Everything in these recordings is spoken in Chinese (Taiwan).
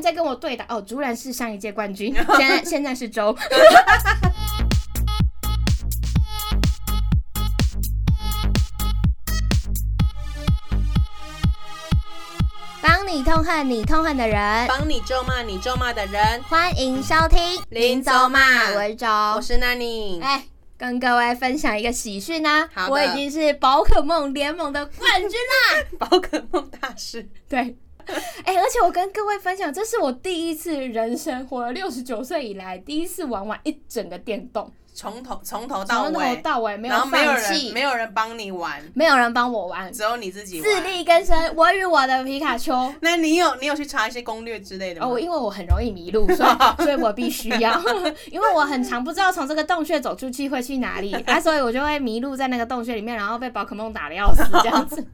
在跟我對打哦，竹然，是上一屆冠軍，現在現在是周。幫 你痛恨你痛恨的人，幫你咒罵你咒罵的人，歡迎收聽林周罵文周，我是娜妮哎，跟各位分享一個喜訊呢、啊，我已經是寶可夢聯盟的冠軍啦，寶 可夢大師，對。哎、欸，而且我跟各位分享，這是我第一次人生活，活了六十九歲以來，第一次玩完一整個電動，從頭從頭到尾頭到尾沒有沒有人沒有人幫你玩，沒有人幫我玩，只有你自己自力更生。我與我的皮卡丘。那你有你有去查一些攻略之類的嗎？哦，因為我很容易迷路，所以所以我必須要， 因為我很常不知道從這個洞穴走出去會去哪裡啊，所以我就會迷路在那個洞穴裡面，然後被寶可夢打得要死這樣子。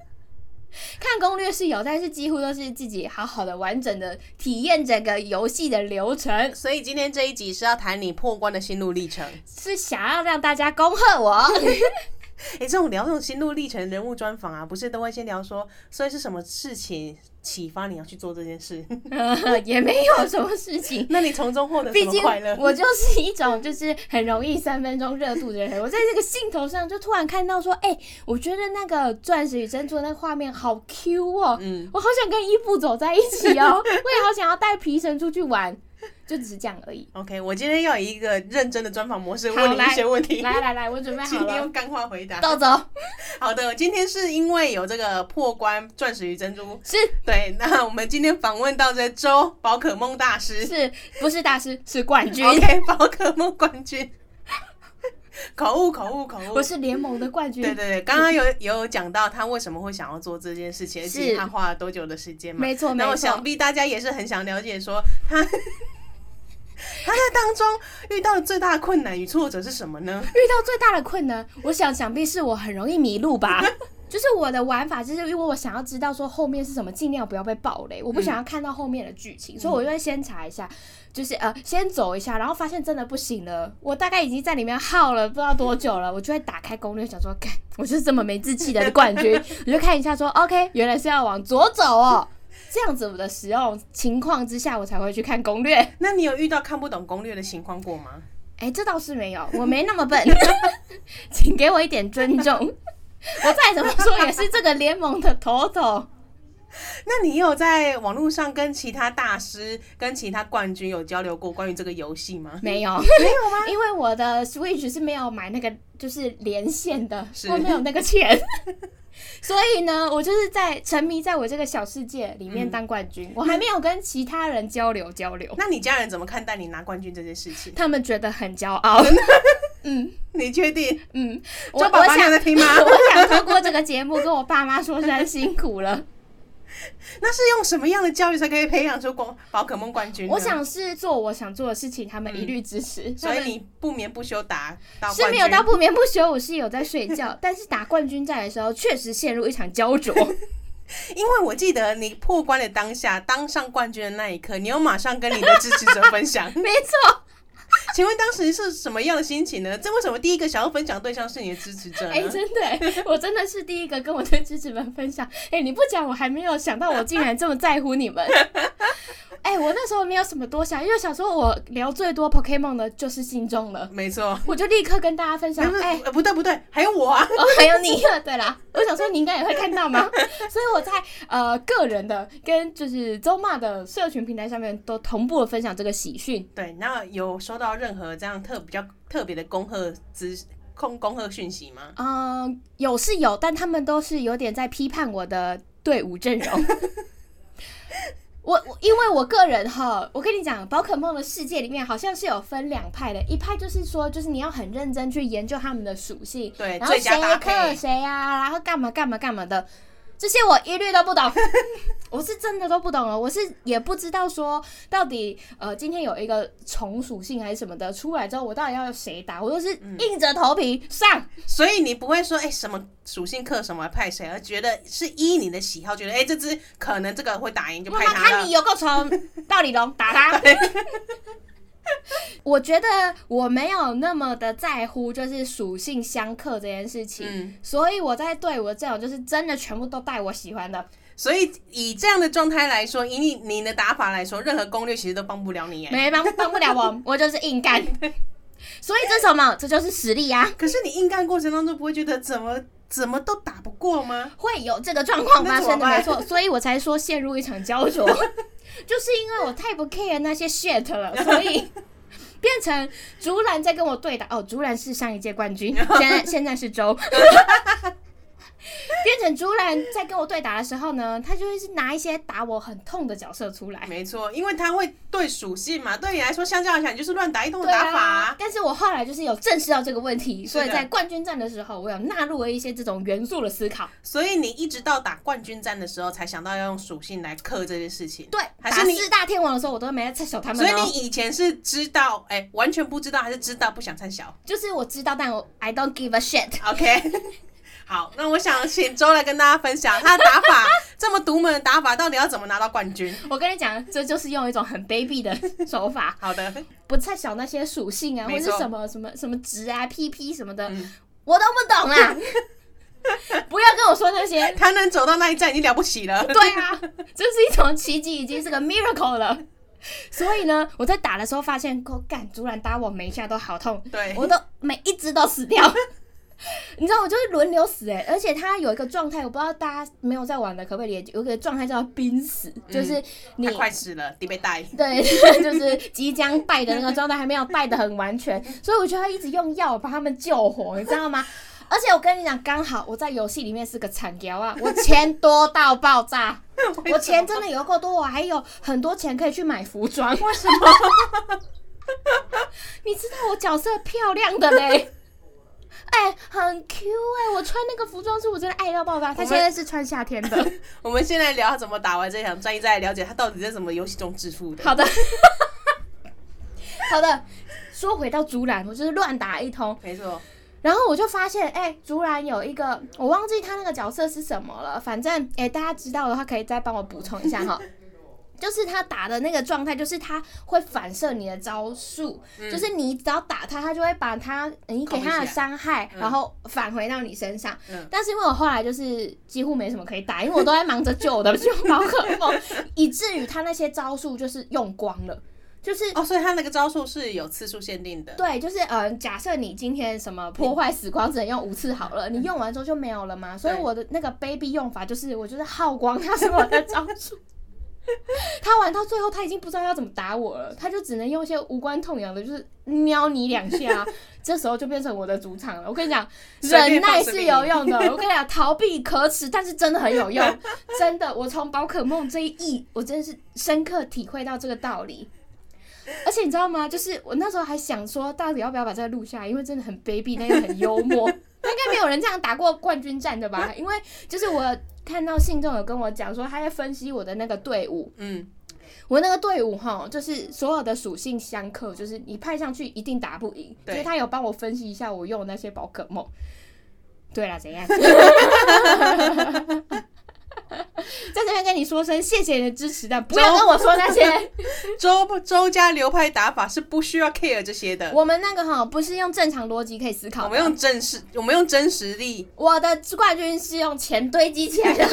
看攻略是有，但是幾乎都是自己好好的完整的體驗整個遊戲的流程。所以今天這一集是要談你破關的心路歷程， 是想要讓大家恭賀我。哎、 欸，這種聊這種心路歷程人物專訪啊，不是都會先聊說，所以是什麼事情？啟發你要去做這件事、嗯，也沒有什麼事情。 那你從中獲得什麼快樂？畢竟我就是一種就是很容易三分鐘熱度的人。 我在這個興頭上就突然看到說，哎、欸，我覺得那個鑽石與珍珠那個畫面好 Q 哦、喔，嗯，我好想跟伊布走在一起哦、喔， 我也好想要帶皮神出去玩。就只是這樣而已。OK，我今天要以一個認真的專訪模式，問你一些問題來。來來來，我準備好了，今天用幹話回答。豆走，好的，今天是因為有這個破關鑽石與珍珠，是對。那我們今天訪問到這周寶可夢大師，是不是大師？是冠軍。OK，寶可夢冠軍。口誤，口誤，口誤！我是聯盟的冠軍。對對對，剛剛有有講到他為什麼會想要做這件事情，而且他花了多久的時間嘛？沒錯，沒錯。然後，想必大家也是很想了解，說他，他在當中遇到最大的困難與挫折是什麼呢？遇到最大的困難，我想想必是我很容易迷路吧。就是我的玩法，就是因為我想要知道說，後面是什麼，盡量不要被爆雷。我不想要看到後面的劇情，嗯，所以我就會先查一下，就是呃，先走一下，然後發現真的不行了。我大概已經在裡面耗了不知道多久了， 我就會打開攻略，想說，幹，我就是這麼沒志氣的冠軍。 我就看一下說，OK，原來是要往左走哦，喔。這樣子我的使用情況之下，我才會去看攻略。那你有遇到看不懂攻略的情況過嗎？哎，欸，這倒是沒有，我沒那麼笨， 請給我一點尊重。我再怎麼說也是這個聯盟的頭頭。 那你有在網絡上跟其他大師、跟其他冠軍有交流過關於這個遊戲嗎？沒有，沒有嗎？因為我的 Switch 是沒有買那個，就是連線的，是，我沒有那個錢。 所以呢，我就是在沉迷在我這個小世界裡面當冠軍，嗯。我還沒有跟其他人交流交流。那你家人怎麼看待你拿冠軍這件事情？他們覺得很驕傲。 嗯，你確定？嗯，我我想跟爸媽，我想透過這個節目跟我爸媽說聲辛苦了。 那是用什麼樣的教育才可以培養出寶可夢冠軍？我想是做我想做的事情，他們一律支持，嗯。所以你不眠不休打到，是沒有到不眠不休，我是有在睡覺， 但是打冠軍戰的時候確實陷入一場焦灼。 因為我記得你破關的當下，當上冠軍的那一刻，你又馬上跟你的支持者分享。 沒錯。請問當時是什麼樣的心情呢？這為什麼第一個想要分享對象是你的支持者？哎、欸，真的、欸，我真的是第一個跟我的支持們分享。哎、欸，你不講我還沒有想到，我竟然這麼在乎你們。哎、欸，我那時候沒有什麼多想，因為小時候我聊最多 Pokemon 的就是信眾了。沒錯，我就立刻跟大家分享。哎、欸，不對不對，還有我啊、哦，還有你。對啦，我想說你應該也會看到嗎？所以我在呃個人的跟就是周末的社群平台上面都同步的分享這個喜訊。對，那有說。到任何這樣特比較特別的恭賀之恭恭賀訊息嗎？嗯，有是有，但他們都是有點在批判我的隊伍陣容。 我我因為我個人哈，我跟你講，寶可夢的世界裡面好像是有分兩派的，一派就是說，就是你要很認真去研究他們的屬性，對，然後誰啊克誰啊，然後幹嘛幹嘛幹嘛的。這些我一律都不懂，我是真的都不懂了，我是也不知道說到底呃，今天有一個蟲屬性還是什麼的出來之後，我到底要誰打？我就是硬着頭皮上、嗯。所以你不會說哎、欸，什麼屬性克什麼派誰，而覺得是依你的喜好，覺得哎、欸、這只可能這個會打贏就派它。媽媽看你有個蟲， 到底。龍打他 我覺得我沒有那麼的在乎，就是屬性相克這件事情，嗯、所以我在對我的陣容就是真的全部都帶我喜歡的。所以以這樣的狀態來說，以你的打法來說，任何攻略其實都幫不了你、欸，哎，沒幫，幫不了我， 我就是硬幹。所以這什麼？ 這就是實力呀、啊！可是你硬幹過程當中，不會覺得怎麼怎麼都打不過嗎？會有這個狀況發生的，沒錯，所以我才說陷入一場焦灼。 就是因為我太不 care 那些 shit 了，所以變成竹籃在跟我對打。哦，竹籃是上一屆冠軍，現在現在是周。No. 變成竹蘭在跟我對打的時候呢，他就會是拿一些打我很痛的角色出來。沒錯，因為他會對屬性嘛，對你來說相較一下，你就是亂打一通的打法，啊。但是，我後來就是有正視到這個問題，所以在冠軍戰的時候，我有納入了一些這種元素的思考。所以，你一直到打冠軍戰的時候才想到要用屬性來克這件事情。對，還是四大天王的時候，我都沒在拆小他們，喔。所以，你以前是知道哎，欸，完全不知道，還是知道不想拆小？就是我知道，但我 I don't give a shit。OK。好，那我想請周來跟大家分享，他打法 這麼獨門的打法，到底要怎麼拿到冠軍？我跟你講，這就是用一種很卑鄙的手法。 好的，不太小那些屬性啊，或者什麼什麼什麼值啊、PP 什麼的，嗯、我都不懂啊。 不要跟我說這些， 他能走到那一站已經了不起了。 了起了 對啊，這、就是一種奇蹟，已經是個 miracle 了。 所以呢，我在打的時候發現，幹、oh,，居然打我每一下都好痛。對，我都每一只都死掉。 你知道我就是輪流死哎、欸，而且他有一個狀態，我不知道大家沒有在玩的可不可以有一個狀態叫瀕死、嗯，就是你快死了，你被帶，對，就是即將敗的那個狀態還沒有敗得很完全， 所以我覺得他一直用藥把他們救活，你知道嗎？ 而且我跟你講，剛好我在遊戲裡面是個慘屌啊，我錢多到爆炸， 我錢真的有夠多，我還有很多錢可以去買服裝，為什麼？ 你知道我角色漂亮的嘞？哎、欸，很 Q 哎、欸，我穿那個服裝是我真的愛到爆發。他現在是穿夏天的。我們， 我們現在聊他怎麼打完這場戰役，再來了解他到底在什麼遊戲中致富的。好的， 好的。說回到竹蘭，我就是亂打一通，沒錯。然後我就發現，哎、欸，竹蘭有一個，我忘記他那個角色是什麼了。反正，哎、欸，大家知道的話，可以再幫我補充一下哈。 就是他打的那個狀態，就是他會反射你的招數、嗯，就是你只要打他，他就會把他你給他的傷害，然後返回到你身上、嗯。但是因為我後來就是幾乎沒什麼可以打，因為我都在忙着救我的熊貓可夢，以至於他那些招數就是用光了。就是哦，所以他那個招數是有次數限定的。對，就是呃，假設你今天什麼破壞死光只能用五次好了，你用完之後就沒有了嘛。 所以我的那個 baby 用法就是，我就是耗光他所有的招數。 他玩到最後，他已經不知道要怎麼打我了，他就只能用一些無關痛癢的，就是瞄你兩下啊。這時候就變成我的主場了。我跟你講，忍耐是有用的。我跟你講，逃避可恥，但是真的很有用。真的，我從寶可夢這一役，我真的是深刻體會到這個道理。而且你知道嗎？就是我那時候還想說，到底要不要把這個錄下來？因為真的很卑鄙，但又很幽默。 應該沒有人這樣打過冠軍戰的吧？因為就是我。看到信眾有跟我講說，他在分析我的那個隊伍，嗯，我那個隊伍哈，就是所有的屬性相克，就是你派上去一定打不贏。所以他有幫我分析一下我用的那些寶可夢。對啦，怎樣？ 在這邊跟你說聲謝謝你的支持，但不要跟我說那些 周不周家流派打法是不需要 care 這些的。我們那個哈不是用正常邏輯可以思考，我們用真實，我們用真實力。我的冠軍是用錢堆積起來的，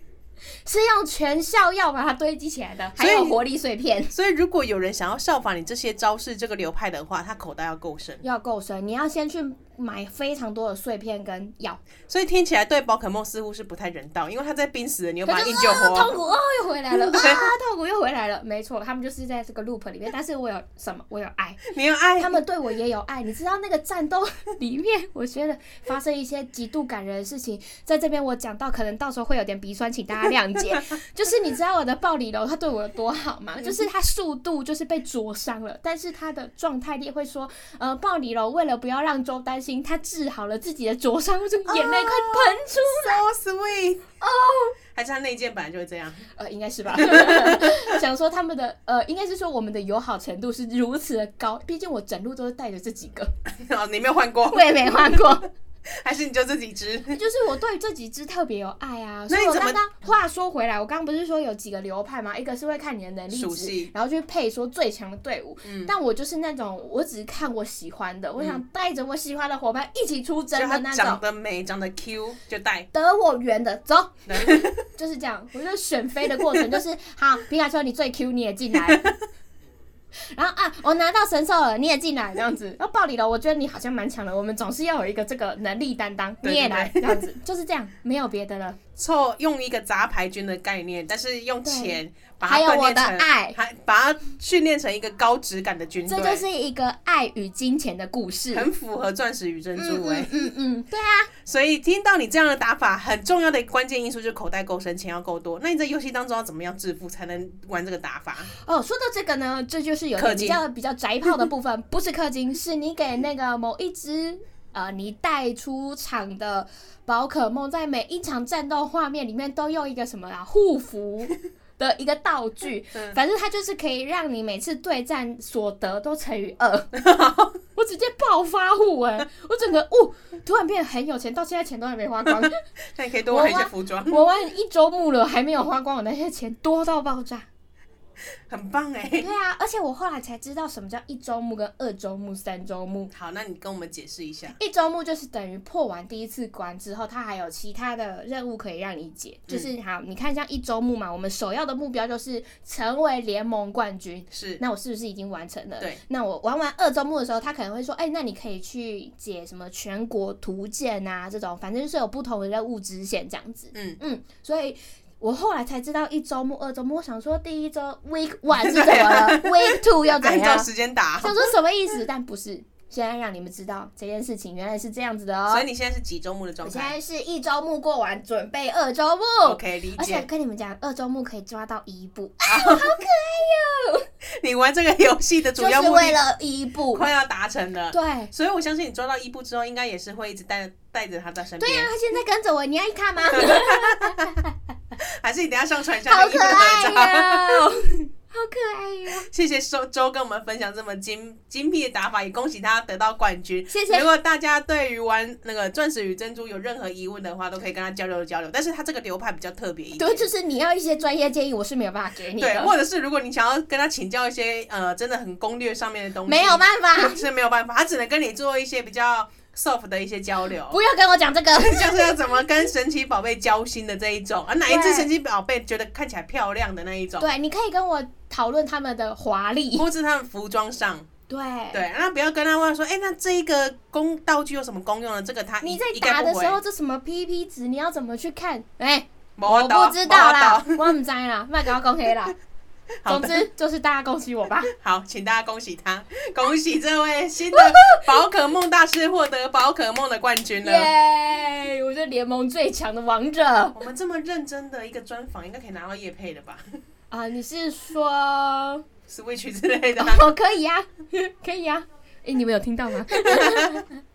是用全效藥把它堆積起來的，還有活力碎片。所以如果有人想要效仿你這些招式這個流派的話，他口袋要夠深，要夠深，你要先去。買非常多的碎片跟藥，所以聽起來對寶可夢似乎是不太人道，因為他在瀕死了，你又把他救活，啊哎。痛苦哦，哎，又回來了，對，啊，痛苦又回來了。沒錯，他們就是在這個 loop 裡面。但是我有什麼？我有愛，沒有愛。他們對我也有愛，你知道那個戰鬥裡面，我覺得發生一些極度感人的事情。在這邊我講到，可能到時候會有點鼻酸，請大家諒解。 就是你知道我的暴鯉龍他對我有多好嗎？就是他速度就是被灼傷了，但是他的狀態力會說，呃，暴鯉龍為了不要讓周丹。他治好了自己的灼傷，就眼淚快噴出來。Oh, so sweet，哦、oh,，還是他那一件本來就會這樣？呃，應該是吧。 想說他們的呃，應該是說我們的友好程度是如此的高，畢竟我整路都是帶着這幾個，oh, 你沒有換過，我也沒換過。還是你就這幾只？ 就是我對這幾只特別有愛啊，所以我剛剛話說回來，我剛剛不是說有幾個流派嗎？一個是會看你的能力屬性，然後去配說最強的隊伍、嗯。但我就是那種，我只是看我喜歡的，嗯、我想帶着我喜歡的夥伴一起出征的那種長得美，長得 Q 就帶，得我緣的走， 就是這樣。我就選妃的過程就是，好，皮卡丘，你最 Q 你也進來。 然後啊，我拿到神獸了，你也進來這樣子。然後暴力了，我覺得你好像蠻強的。我們總是要有一個這個能力擔當，你也來這樣子，就是這樣，沒有別的了。湊用一個雜牌軍的概念，但是用錢把它，它鍛鍊成愛，還把它訓練成一個高質感的軍隊。這就是一個愛與金錢的故事，很符合鑽石與珍珠誒、欸、嗯，嗯，嗯嗯，對啊。所以聽到你這樣的打法，很重要的關鍵因素就是口袋夠深，錢要夠多。那你在遊戲當中要怎麼樣致富才能玩這個打法？哦，說到這個呢，這就是有比較比較宅炮的部分，氪金 不是氪金，是你給那個某一支。呃，你帶出場的寶可夢，在每一場戰鬥畫面裡面都用一個什麼啊護符的一個道具，反 正它就是可以讓你每次對戰所得都乘以二。 我直接暴發戶哎、欸！我整個哦，突然變得很有錢，到現在錢都還沒花光。那你可以多買一些服裝。 我玩一周目了，還沒有花光我那些錢，多到爆炸。很棒哎、欸， 對啊，而且我後來才知道什麼叫一周目跟二周目、三周目。好，那你跟我們解釋一下。一周目就是等於破完第一次關之後，他還有其他的任務可以讓你解。嗯、就是好，你看像一周目嘛，我們首要的目標就是成為聯盟冠軍。是，那我是不是已經完成了？對。那我玩完二周目的時候，他可能會說，哎、欸，那你可以去解什麼全國圖鑑啊，這種，反正是有不同的任務支線這樣子。嗯嗯，所以。我後來才知道一周目、二周目。我想說第一周 week one 是怎麼了、啊、，week two 要怎 時間打。想說什麼意思？ 但不是，現在讓你們知道這件事情原來是這樣子的哦。所以你現在是幾周目的狀態？我現在是一周目過完，準備二周目。OK，理解。而且跟你們講，二周目可以抓到伊布。哎、okay, 啊、好可愛喲、哦！ 你玩這個遊戲的主要目的要了、就是、為了伊布快要達成了。對，所以我相信你抓到伊布之後，應該也是會一直帶帶着他在身邊。對呀、啊，他現在跟着我，你要一看哈哈 還是你等下上傳一下那個合影照，好可愛喲、啊 好可愛啊 啊，謝謝周周跟我們分享這麼精精闢的打法，也恭喜他得到冠軍。謝謝。如果大家對於玩那個鑽石與珍珠有任何疑問的話，都可以跟他交流交流。但是他這個流派比較特別一點，對，就是你要一些專業建議，我是沒有辦法給你的。對，或者是如果你想要跟他請教一些呃，真的很攻略上面的東西，沒有辦法，是沒有辦法，他只能跟你做一些比較。soft 的一些交流，不要跟我講這個， 就是要怎麼跟神奇寶貝交心的這一種啊，哪一隻神奇寶貝覺得看起來漂亮的那一種？對，你可以跟我討論他們的華麗，或者是他們服裝上。對對，那不要跟他問說，哎、欸，那這一個公道具有什麼功用呢？這個他你在打的時候，這什麼 PP 值，你要怎麼去看？哎、欸，我不知道啦，我不知道啦，麥 給我公開啦。 總之就是大家恭喜我吧。好，請大家恭喜他，恭喜這位新的寶可夢大師獲得寶可夢的冠軍了。耶、yeah！我是聯盟最強的王者。我們這麼認真的一個專訪，應該可以拿到業配的吧？啊、uh，你是說 Switch 之類的嗎？我、oh, 可以呀、啊，可以呀、啊。哎、欸，你們有聽到嗎？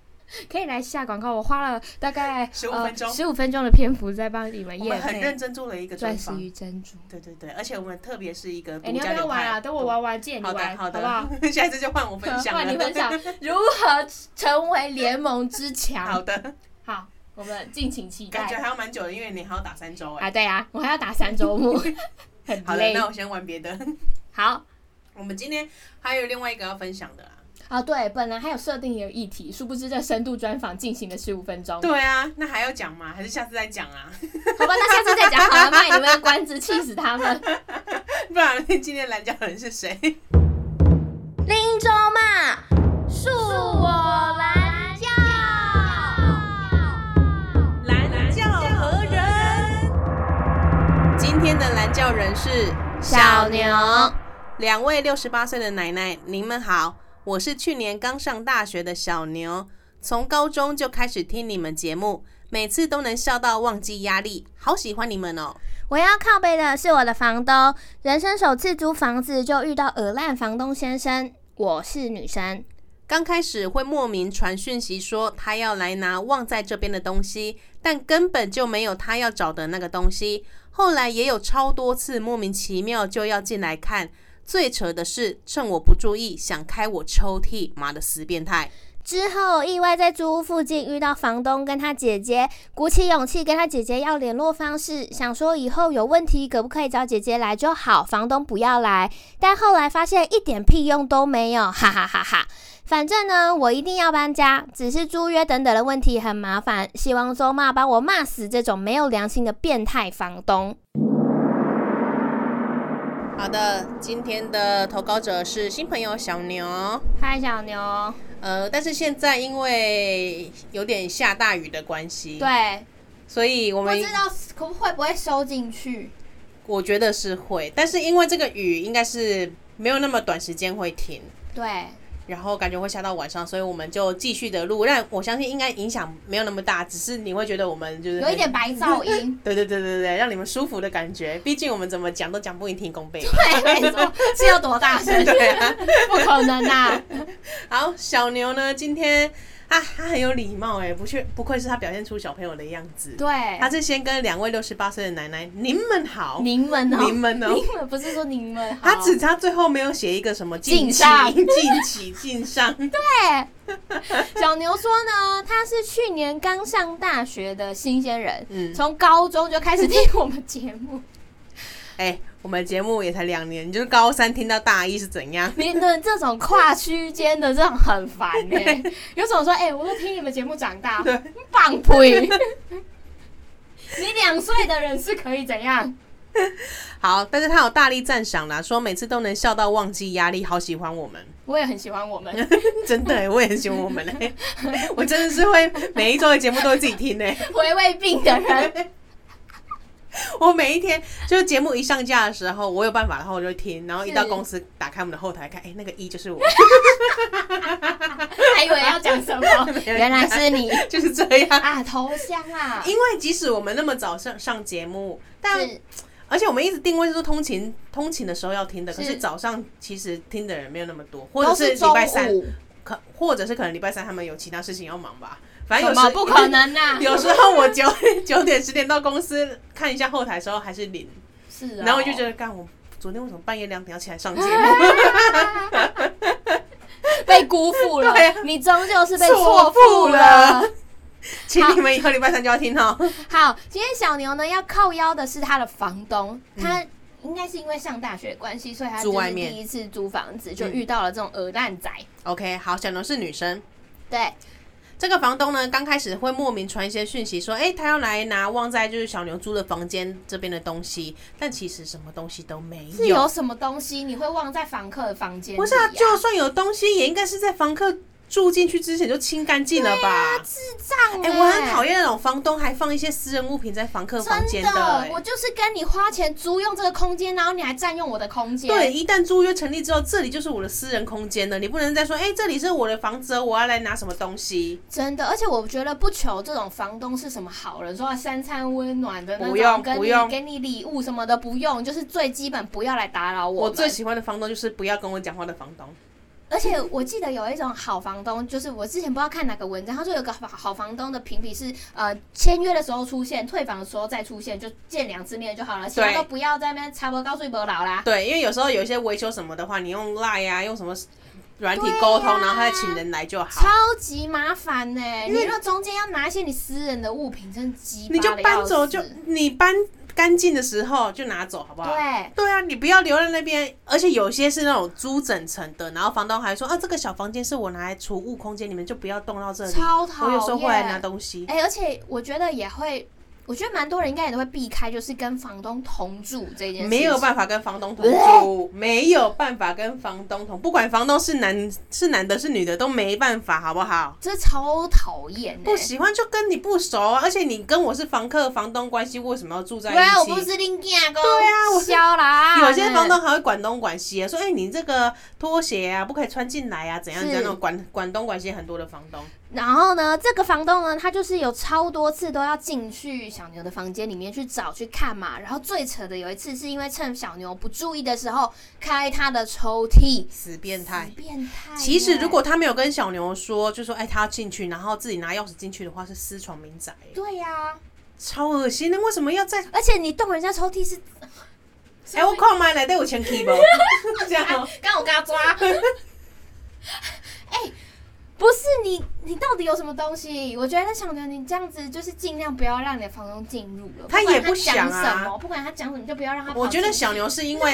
可以來下廣告，我花了大概十五分鐘十五分鐘的篇幅在幫你們。我們很認真做了一個鑽石與珍珠。對對對，而且我們特別是一個哎、欸，你要不要玩啊？等我玩完見、嗯、你玩好的,好,的好,好？的 下次就換我分享換你分享 如何成為聯盟之強？ 好的，好，我們敬請期待。感覺還要蠻久的，因為你還要打三周哎、欸。啊，對啊，我還要打三周目 很累。好嘞，那我先玩別的。 好， 我們今天還有另外一個要分享的。啊、哦，對，本來還有設定一個議題，殊不知這深度專訪進行了十五分鐘。對啊，那還要講嗎？還是下次再講啊？好吧，那下次再講好了、啊、那 你們要關子？氣死他們！ 不然今天攔轎人是誰？林州嘛，恕我攔轎，攔轎何人？今天的攔轎人是小牛，兩位六十八歲的奶奶，你們好。我是去年剛上大學的小牛，從高中就開始聽你們節目，每次都能笑到忘記壓力，好喜歡你們哦！我要靠北的是我的房東，人生首次租房子就遇到鵝爛房東先生，我是女生，剛開始會莫名傳訊息說他要來拿忘在這邊的東西，但根本就沒有他要找的那個東西，後來也有超多次莫名其妙就要進來看。最扯的是，趁我不注意想開我抽屜，媽的死變態！之後意外在租屋附近遇到房東跟他姐姐，鼓起勇氣跟他姐姐要聯絡方式，想說以後有問題可不可以找姐姐來就好，房東不要來。但後來發現一點屁用都沒有，哈哈哈哈！反正呢，我一定要搬家，只是租約等等的問題很麻煩，希望周媽把我罵死，這種沒有良心的變態房東。好的，今天的投稿者是新朋友小牛。嗨，小牛。呃，但是現在因為有點下大雨的關係，對，所以我們我不知道會不會收進去。我覺得是會，但是因為這個雨應該是沒有那麼短時間會停。對。然後感覺會下到晚上，所以我們就繼續的錄。但我相信應該影響沒有那麼大，只是你會覺得我們就是有一點白噪音。 對對對對對，讓你們舒服的感覺。畢竟我們怎麼講都講不贏，聽功倍。對， 是要多大聲、 啊？不可能啊！好，小牛呢？今天。他、啊、他很有禮貌哎，不愧不愧是他表現出小朋友的樣子。對，他是先跟兩位六十八歲的奶奶：“您們好，您們哦、喔，您們哦、喔，您們不是說您們好。他”他只差最後沒有寫一個什麼“敬上”，“敬啟”，“敬 上”。對， 小牛說呢，他是去年剛上大學的新鮮人，嗯，從高中就開始聽我們節目，哎 欸。我們節目也才兩年，你就是高三聽到大一是怎樣？你的這種跨區間的這種很煩呢、欸。有種說，哎、欸，我都聽你們節目長大，對你棒呸！ 你兩歲的人是可以怎樣？好，但是他有大力讚賞啦，說每次都能笑到忘記壓力，好喜歡我們。我也很喜歡我們， 真的、欸，我也很喜歡我們呢、欸。我真的是會每一週的節目都會自己聽呢、欸，回味病的人。 我每一天就是節目一上架的時候，我有辦法，然後我就聽，然後一到公司打開我們的後台看，哎，那個一、e、就是我， 還以為要講什麼， 原來是你， 就是這樣啊，頭香啊！因為即使我們那麼早上上節目，但而且我們一直定位就是說通勤，通勤的時候要聽的，可是早上其實聽的人沒有那麼多，或者是禮拜三可，或者是可能禮拜三他們有其他事情要忙吧。怎麼不可能呢？有時候我九九點十點到公司看一下後台的時候還是零，是，然後我就覺得，幹我昨天為什麼半夜兩點要起來上節目，啊？ 被辜負了，你終究是被錯付了。請你們以後禮拜三就要聽哦。好，今天小牛呢要靠腰的是他的房東，他應該是因為上大學關係，所以他住外面第一次租房子就遇到了這種鵝蛋仔。OK，好，小牛是女生，對。這個房東呢，剛開始會莫名傳一些訊息，說，誒、欸、他要來拿忘在就是小牛租的房間這邊的東西，但其實什麼東西都沒有。有有什麼東西你會忘在房客的房間？不是啊，就算有東西，也應該是在房客。住進去之前就清乾淨了吧？啊、智障、欸！哎、欸，我很討厭那種房東還放一些私人物品在房客房間的、欸。真的，我就是跟你花錢租用這個空間，然後你還佔用我的空間。對，一旦租約成立之後，這裡就是我的私人空間了，你不能再說，哎、欸，這裡是我的房子，我要來拿什麼東西？真的，而且我覺得不求這種房東是什麼好人說，說三餐溫暖的那種，不用，不用，給你禮物什麼的，不用，就是最基本，不要來打擾我。我最喜歡的房東就是不要跟我講話的房東。而且我記得有一種好房東，就是我之前不知道看哪個文章，他說有個好房東的評比是，呃，簽約的時候出現，退房的時候再出現，就見兩次面就好了，其他都不要在那邊插吵高睡不老啦。對，因為有時候有一些維修什麼的話，你用 LINE 呀、啊，用什麼軟體溝通、啊，然後他再請人來就好，超級麻煩呢、欸。因為中間要拿一些你私人的物品，真的雞巴。你就搬走就你搬，乾淨的時候就拿走，好不好？對對啊，你不要留在那邊。而且有些是那種租整層的，然後房東還說啊，這個小房間是我拿來儲物空間，你們就不要動到這裡。超討厭！我有時候會來拿東西。哎、欸，而且我覺得也會。我覺得蠻多人應該也都會避開，就是跟房東同住這件事。沒有辦法跟房東同住， 沒有辦法跟房東同，不管房東是男是男的，是女的都沒辦法，好不好？這超討厭，不喜歡就跟你不熟啊！而且你跟我是房客房東關係，為什麼要住在一起？對啊，我不是鄰居啊！對啊，我是。有些房東還會管東管西啊，說：“哎、欸，你這個拖鞋啊，不可以穿進來啊，怎樣怎樣，那種管管東管西很多的房東。”然後呢，這個房東呢，他就是有超多次都要進去小牛的房間裡面去找、去看嘛。然後最扯的有一次是因為趁小牛不注意的時候開他的抽屜，死變態！變態！其實如果他沒有跟小牛說，就說哎，他要進去，然後自己拿鑰匙進去的話，是私闖民宅。對呀、啊，超噁心！那為什麼要在？而且你動人家抽屜是？欸、我看看 哎，我靠，買奶袋有錢提不？這樣，剛我剛抓。不是你，你到底有什麼東西？我覺得小牛，你這樣子，就是盡量不要讓你的房東進入了他。他也不想啊，不什麼，不管他講什麼，就不要讓他。我覺得小牛是因為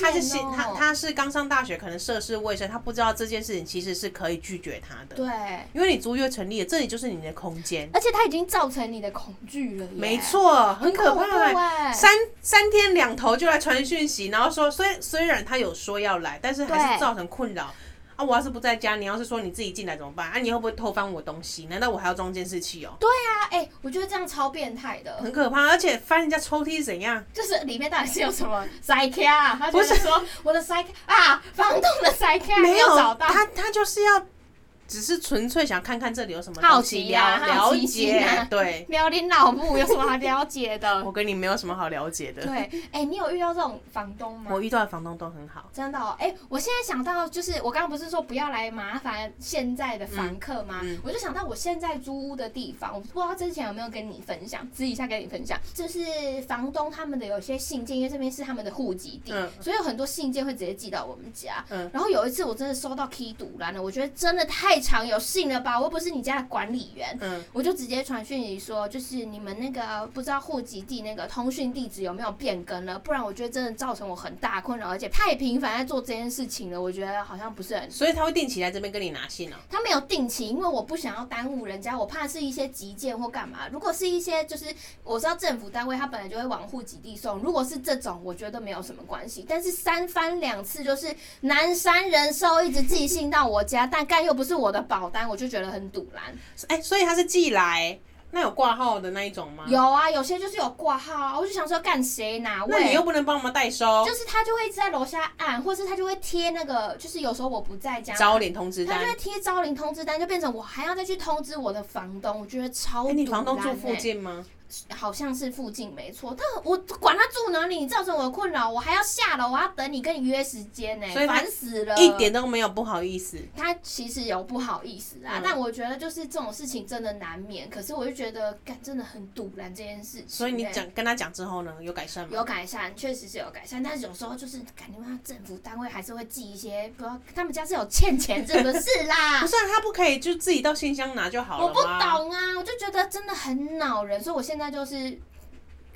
他是，是他、哦、他是剛上大學，可能涉世未深，他不知道這件事情其實是可以拒絕他的。對，因為你租約成立了，這裡就是你的空間，而且他已經造成你的恐懼了。沒錯，很可怕、欸三。三、欸、三天兩頭就來傳訊息，然後說雖，雖雖然他有說要來，但是還是造成困擾。啊！我要是不在家，你要是說你自己進來怎麼辦？啊！你會不會偷翻我東西？難道我還要裝監視器哦？對啊，哎，我覺得這樣超變態的，很可怕。而且翻人家抽屜是怎樣？就是裡面到底是有什麼？塞卡啊，他就是說我的塞卡啊，房東的塞卡，沒有找到，他他就是要。只是純粹想看看這裡有什麼，好奇呀、啊，了解耶，對，瞄寧老母有什麼好了解的？ 我跟你沒有什麼好了解的。對，哎、欸，你有遇到這種房東嗎？我遇到的房東都很好，真的。哦，哎、欸，我現在想到就是，我剛剛不是說不要來麻煩現在的房客嗎？嗯？我就想到我現在租屋的地方，我不知道之前有沒有跟你分享，私底下跟你分享，就是房東他們的有些信件，因為這邊是他們的戶籍地，嗯，所以有很多信件會直接寄到我們家。嗯，然後有一次我真的收到 key 堵爛了，我覺得真的太。太常有信了吧？我又不是你家的管理員，嗯，我就直接傳訊息說，就是你們那個不知道戶籍地那個通訊地址有沒有變更了？不然我覺得真的造成我很大困擾，而且太頻繁在做這件事情了，我覺得好像不是很。所以他會定期來這邊跟你拿信啊、哦？他沒有定期，因為我不想要耽誤人家，我怕是一些急件或幹嘛。如果是一些就是我知道政府單位他本來就會往戶籍地送，如果是這種我覺得都沒有什麼關係。但是三番兩次就是南山人壽一直寄信到我家，但 幹又不是我。我的保單我就覺得很賭爛，哎、欸，所以他是寄來，那有掛號的那一種嗎？有啊，有些就是有掛號，我就想說，幹誰拿？那你又不能幫忙代收？就是他就會一直在樓下按，或是他就會貼那個，就是有時候我不在家，招領通知單，他就會貼招領通知單，就變成我還要再去通知我的房東，我覺得超賭爛、欸。欸、你房東住附近嗎？好像是附近沒錯，但我管他住哪裡，你造成我的困擾，我還要下樓，我要等你，跟你約時間呢、欸，煩死了，一點都沒有不好意思。他其實有不好意思啊、嗯，但我覺得就是這種事情真的難免，可是我就覺得，幹，真的很堵然這件事情、欸。所以你講跟他講之後呢，有改善嗎？有改善，確實是有改善，但是有時候就是，你們政府單位還是會寄一些，不要他們家是有欠錢這個事啦。 不是他不可以就自己到信箱拿就好了，我不懂啊，我就覺得真的很惱人，所以我現。現在就是。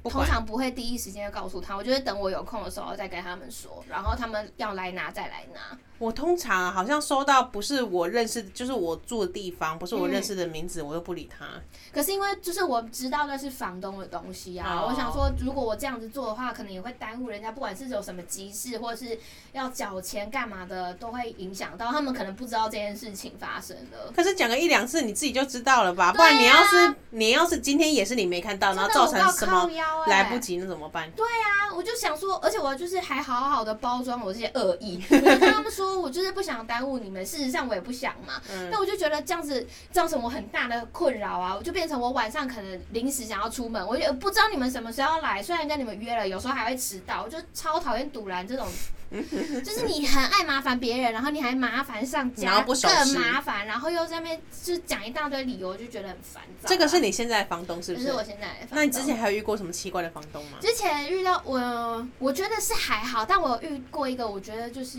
我通常不會第一時間告訴他，我就是等我有空的時候再跟他們說，然後他們要來拿再來拿。我通常好像收到不是我認識，就是我住的地方不是我認識的名字，嗯、我就不理他。可是因為就是我知道那是房東的東西啊，oh, 我想說如果我這樣子做的話，可能也會耽誤人家，不管是有什麼急事或是要繳錢幹嘛的，都會影響到他們，可能不知道這件事情發生了。可是講個一兩次你自己就知道了吧？啊，不然你要是你要是今天也是你沒看到，然後造成什麼？來不及，那怎麼辦？對啊，我就想說，而且我就是還好好的包裝我這些惡意，我 跟他們說，我就是不想耽誤你們。事實上我也不想嘛，但、嗯、我就覺得這樣子造成我很大的困擾啊，我就變成我晚上可能臨時想要出門，我也不知道你們什麼時候要來，雖然跟你們約了，有時候還會遲到，我就超討厭堵攔這種， 就是你很愛麻煩別人，然後你還麻煩上加更麻煩，然後又在那邊就講一大堆理由，我就覺得很煩躁。這個是你現在房東是不是？是我現在。那你之前還有遇過什麼？奇怪的房東嘛，之前遇到我，我覺得是還好，但我遇過一個，我覺得就是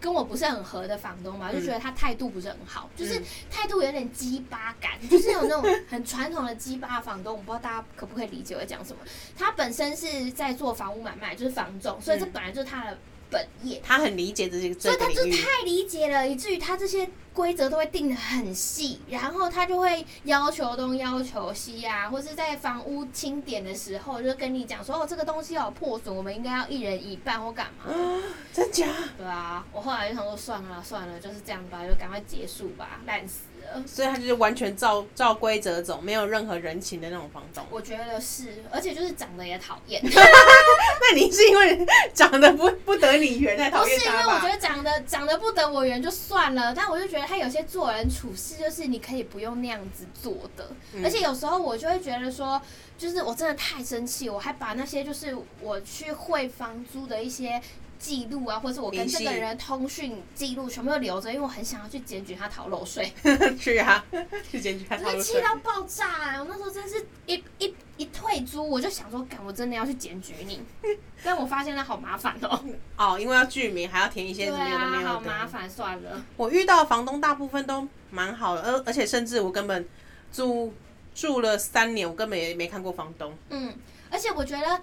跟我不是很合的房東嘛，嗯、就覺得他態度不是很好，嗯、就是態度有點雞巴感，嗯，就是有那種很傳統的雞巴的房東， 我不知道大家可不可以理解我講什麼？他本身是在做房屋買賣，就是房仲。所以這本來就是他的。嗯本業，他很理解這些，所，對，他就太理解了，以至於他這些規則都會定得很細，然後他就會要求東要求西啊，或是在房屋清點的時候就跟你講說哦，這個東西要有破損，我們應該要一人一半或幹嘛啊？真假？對啊，我後來就想說算了算了，就是這樣吧，就趕快結束吧，爛死。所以他就是完全照照規則走，沒有任何人情的那種房東。我覺得是，而且就是長得也討厭。那你是因為長得不不得你緣才討厭？不是，因為我覺得長得長得不得我緣就算了，但我就覺得他有些做人處事，就是你可以不用那樣子做的、嗯。而且有時候我就會覺得說，就是我真的太生氣，我還把那些就是我去匯房租的一些。記錄啊，或者是我跟這個人的通訊記錄全部都留着，因為我很想要去檢舉他逃漏稅。 去啊，去檢舉他。氣到爆炸啊！我那時候真是一一一退租，我就想說，幹，我真的要去檢舉你。 但我發現了好麻煩哦、喔。哦，因為要具名，還要填一些什麼的。對啊，好麻煩，算了。我遇到的房東大部分都蠻好的，而而且甚至我根本住住了三年，我根本也沒看過房東。嗯，而且我覺得。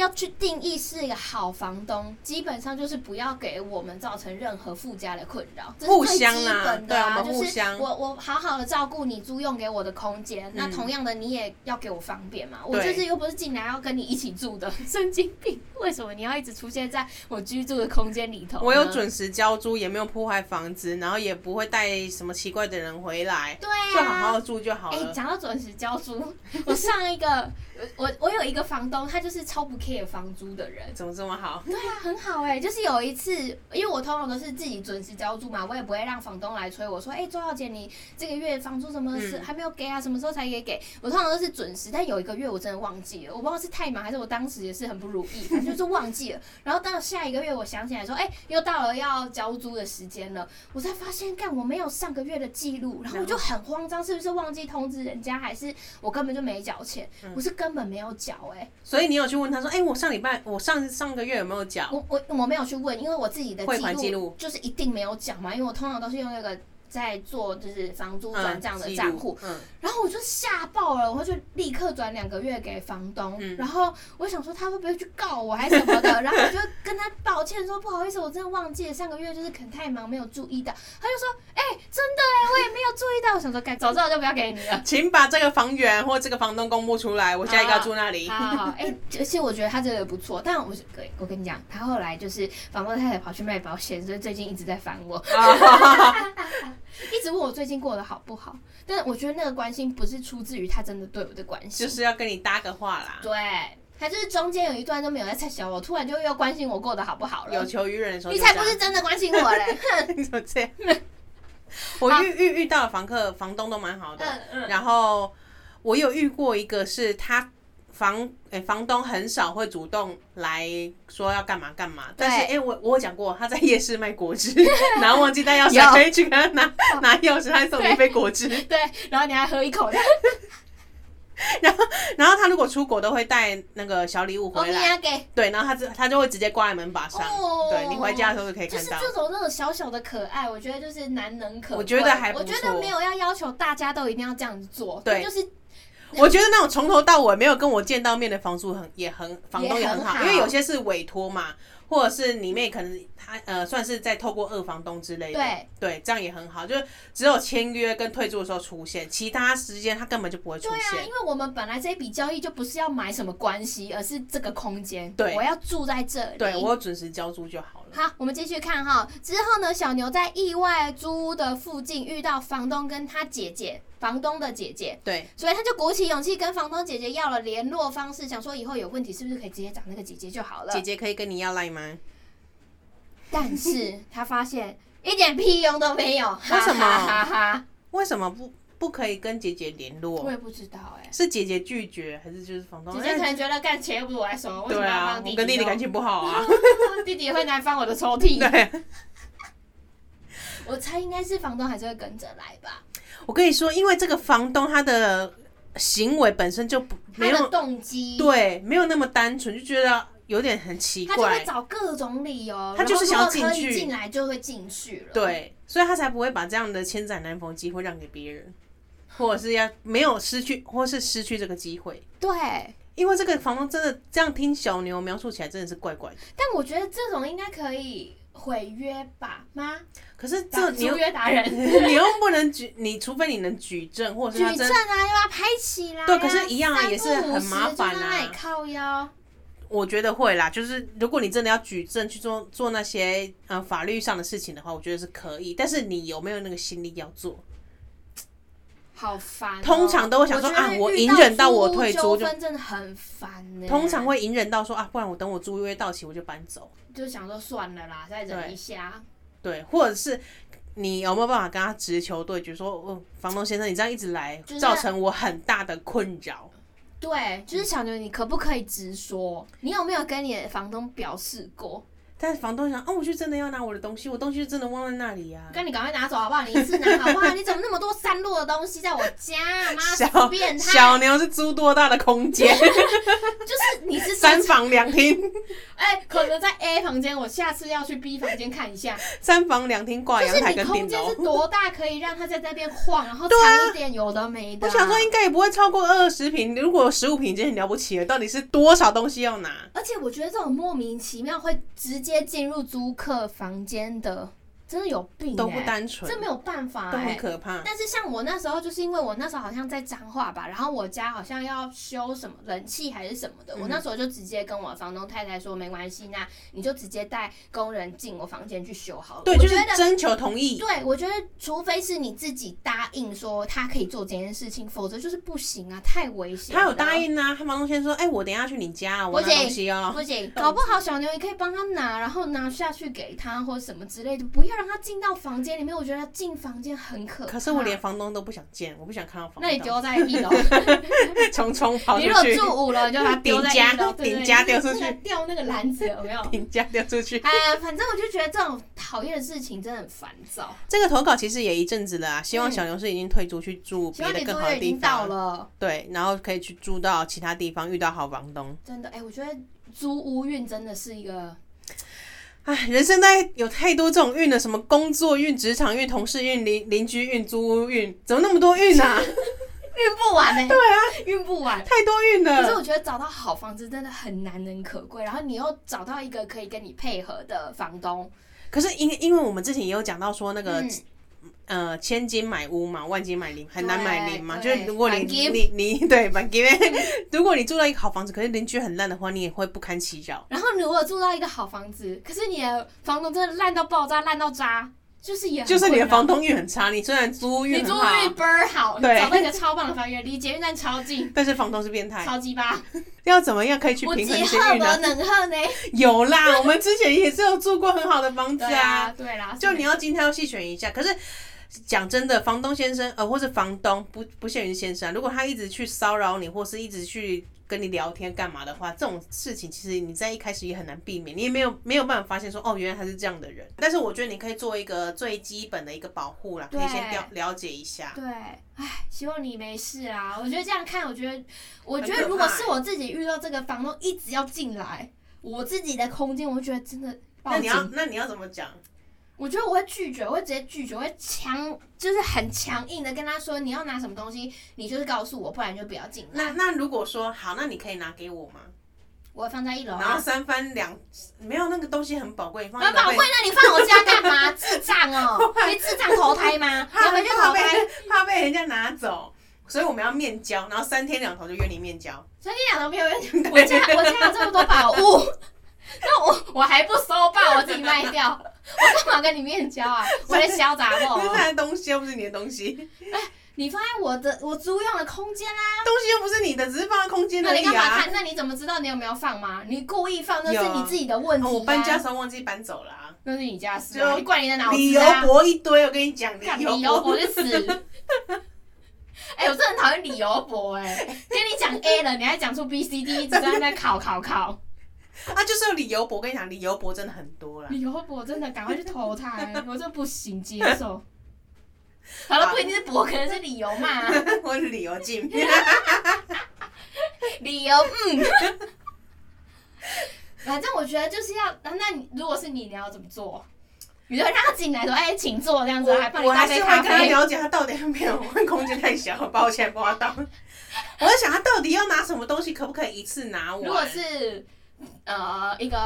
要去定義是一個好房東，基本上就是不要給我們造成任何附加的困擾，互相啊，對啊，對就是，我們互相。我我好好的照顧你租用給我的空間，嗯，那同樣的你也要給我方便嘛。嗯、我就是又不是進來要跟你一起住的， 神經病！為什麼你要一直出現在我居住的空間裡頭？我有準時交租，也沒有破壞房子，然後也不會帶什麼奇怪的人回來，對啊，就好好的住就好了。哎、欸，講到準時交租，我上一個。 我我有一個房東，他就是超不 care 房租的人。怎麼這麼好？對啊，很好哎、欸。就是有一次，因為我通常都是自己準時交租嘛，我也不會讓房東來催我說，哎、欸，周小姐你這個月房租什麼還沒有給啊？嗯、什麼時候才可以給？給我通常都是準時，但有一個月我真的忘記了，我不知道是太忙還是我當時也是很不如意，反正就是忘記了。 然後到下一個月，我想起來說，哎、欸，又到了要交租的時間了，我才發現，幹我沒有上個月的記錄，然後我就很慌張，是不是忘記通知人家，還是我根本就沒繳錢、嗯？我是根。根本沒有繳哎。所以你有去問他說，哎，我上禮拜、我上上個月有沒有繳？我我我沒有去問，因為我自己的匯款記錄就是一定沒有繳嘛，因為我通常都是用那個。在做就是房租轉帳的賬戶，嗯嗯，然後我就嚇爆了，我就立刻轉兩個月給房東，嗯，然後我想說他會不會去告我還是什麼的， 然後我就跟他抱歉說不好意思，我真的忘記了，上個月就是肯太忙沒有注意到，他就說哎，欸，真的哎，欸、我也沒有注意到， 我想說該早知道就不要給你了。請把這個房源或這個房東公布出來，我下一個要住那裡。好哎，欸，而且我覺得他這個也不錯，但我我跟你講，他後來就是房東太太跑去賣保險，所以最近一直在煩我。 一直問我最近過得好不好，但我覺得那個關心不是出自於他真的對我的關心，就是要跟你搭個話啦。對，他就是中間有一段都沒有在睬我，突然就又關心我過得好不好了。有求於人的時候，你才不是真的關心我嘞。 你怎麼這樣？ 我遇遇遇到的房客房東都蠻好的，嗯嗯，然後我有遇過一個是他。房哎、欸，房東很少會主動來說要幹嘛幹嘛，但是哎、欸，我我有講過他在夜市賣果汁， 然後忘記帶鑰匙，可以去給他拿 拿鑰匙，他拿 還送你一杯果汁對。對，然後你還喝一口的 然後然後他如果出國都會帶那個小禮物回來 okay, okay. 對，然後他他就會直接掛在門把上，oh, 對，你回家的時候就可以看到。就是這種那種小小的可愛，我覺得就是難能可貴。我覺得還不錯。我覺得沒有要要求大家都一定要這樣子做，對，就是。 我覺得那種從頭到尾沒有跟我見到面的房租很也很房東也很好，因為有些是委托嘛，或者是裡面，可能他呃算是在透過二房東之類的，對對，這樣也很好，就是只有簽約跟退租的時候出現，其他時間他根本就不會出現。對啊，因為我們本來這筆交易就不是要買什麼關係，而是這個空間，對。我要住在這裡，對，我有準時交租就好。好，我們繼續看哈。之後呢，小牛在意外租屋的附近遇到房東跟他姐姐，房東的姐姐。對，所以他就鼓起勇氣跟房東姐姐要了聯絡方式，想說以後有問題是不是可以直接找那個姐姐就好了。姐姐可以跟你要 line 嗎？但是他發現一點屁用都沒有。為什麼？為什麼不？不可以跟姐姐聯絡。我也不知道哎、欸，是姐姐拒絕還是就是房東？姐姐可能覺得乾錢又不是我收，我為什麼要放，跟弟弟感情不好啊， 弟弟會來翻我的抽屜。對 我猜應該是房東還是會跟着來吧。我跟你說，因為這個房東他的行為本身就不沒有動機，對，沒有那麼單純，就覺得有點很奇怪。他就會找各種理由，他就是想要進去，一進來就會進去了。對，所以他才不會把這樣的千載難逢機會讓給別人。或者是要沒有失去，或者是失去這個機會。對，因為這個房東真的這樣聽小牛描述起來真的是怪怪的。但我覺得這種應該可以毀約吧？嗎？可是這，你又約人是是， 你又不能舉，你除非你能舉證，或者是舉證啊，又要，要拍起啦，啊。對，可是，一樣啊，也是很麻煩啊靠腰。我覺得會啦，就是如果你真的要舉證去做做那些呃法律上的事情的話，我覺得是可以。但是你有沒有那個心力要做？好煩、喔，通常都會想說啊，我隱忍到我退租就真的很煩呢、欸。通常會隱忍到說啊，不然我等我租約到期我就搬走，就想說算了啦，再忍一下。對，對或者是你有沒有辦法跟他直球對決說，哦、嗯，房東先生，你這樣一直來造成我很大的困擾。對，就是想着你可不可以直說？你有沒有跟你的房東表示過？但是房東想，哦，我就真的要拿我的東西，我東西真的忘在那裡呀，啊。哥，你趕快拿走好不好？你一次拿好不好？你怎麼那麼多散落的東西在我家？媽，小變態！小牛是租多大的空間？ 就是你是三房兩廳。哎，欸，可能在 A 房間，我下次要去 B 房間看一下。三房兩廳掛陽台跟頂樓，就是、空間是多大可以讓他在這邊晃？然後長一點，有的沒的。啊，我想說應該也不會超過二十坪，如果十五坪已經很了不起了。到底是多少東西要拿？而且我覺得這種莫名其妙會直接。接進入租客房間的。真的有病，欸，都不單純，這沒有辦法，欸，都很可怕。但是像我那時候，就是因為我那時候好像在彰化吧，然後我家好像要修什麼冷氣還是什麼的，嗯，我那時候就直接跟我房東太太說，沒關係，那你就直接帶工人進我房間去修好了。對，我覺得就是徵求同意。對，我覺得除非是你自己答應說他可以做這件事情，否則就是不行啊，太危險。他有答應呢，啊，他房東先說，哎，欸，我等下去你家，我拿不行東西哦，不行，搞不好小牛也可以幫他拿，然後拿下去給他或者什麼之類的，不要。讓他進到房間裡面，我覺得他進房間很可怕。可是我連房東都不想見，我不想看到房東。那你丟在一樓， 重重跑出去，你如果住五樓了，就把它丟在一樓，頂家丟出去，你是是掉那個籃子有沒有？頂家丟出去。哎，反正我就覺得這種討厭的事情真的很煩躁。這個投稿其實也一陣子了啊，希望小牛是已經退租去住別的更好的地方、嗯、你了。對，然後可以去租到其他地方，遇到好房東。真的，哎、欸，我覺得租屋運真的是一個。唉，人生在有太多這種運了，什麼工作運、職場運、同事運、鄰鄰居運、租屋運，怎麼那麼多運啊？運 不完呢、欸。對啊，運不完，太多運了。可是我覺得找到好房子真的很難能可貴，然後你又找到一個可以跟你配合的房東。可是因因為我們之前也有講到說那個、嗯。呃，千金買屋嘛，萬金買鄰，很難買鄰嘛。就是如果你你你對吧，因為 如果你住到一個好房子，可是鄰居很爛的話，你也會不堪其擾。然後你如果住到一個好房子，可是你的房東真的爛到爆炸，爛到渣。就是也很就是你的房東運很差，你雖然租運，你租運倍兒好，對，你找到一個超棒的房源，離捷運站超近。但是房東是變態，超級巴。 要怎麼樣可以去平衡你能恨呢？呢 有啦，我們之前也是有住過很好的房子啊。 對，啊對啦，就你要精挑細選一下。 可是。講真的，房東先生，呃，或是房東，不不限於先生。如果他一直去騷擾你，或是一直去跟你聊天幹嘛的話，這種事情其實你在一開始也很難避免，你也沒有沒有辦法發現說，哦，原來他是這樣的人。但是我覺得你可以做一個最基本的一個保護啦，可以先了了解一下。對，唉，希望你沒事啊。我覺得這樣看，我覺得，我覺得如果是我自己遇到這個房東一直要進來，我自己的空間，我覺得真的，那你要那你要怎麼講？我覺得我會拒絕，我會直接拒絕，我會強，就是很強硬的跟他說，你要拿什麼東西，你就是告訴我，不然就不要進。那那如果說好，那你可以拿給我嗎？我放在一樓、啊。然後三番兩，沒有那個東西很寶貴。那麼寶貴，那你放我家幹嘛？智障哦！你智障投胎嗎？我們就投胎怕，怕被人家拿走，所以我們要面交，然後三天兩頭就約你面交。三天兩頭沒有約，我家我家有這麼多寶物。 那我我還不收吧，我自己賣掉， 我幹嘛跟你面交啊？我在消贓喔。是放的東西又不是你的東西。哎，你放在我的我租用的空間啦，啊。東西又不是你的，只是放在空間、啊、那你幹嘛看？那你怎麼知道你有沒有放嗎？你故意放那是你自己的問題，啊啊哦。我搬家時候忘記搬走了，啊。那是你家事，啊。就怪你的腦子啊。理由伯一堆，我跟你講，理由伯死。哎 、欸，我真的很討厭理由伯哎。跟你講 A 了，你還講出 B、C、D，一直在在考，考考考。啊，就是要理由博，我跟你講，理由博真的很多了。理由博真的，趕快去投胎， 我真的不行，接受。好了，不一定是博，啊，可能是理由嘛。 我理由進。嗯、 理由嗯。 反正我覺得就是要，那你如果是你，你要怎麼做？比如讓他進來，說、欸、哎，請坐這樣子，我還是還是會可以了解他到底有沒有？我空間太小， 抱歉，掛到。 我在想，他到底要拿什麼東西，可不可以一次拿完？如果是。呃，一個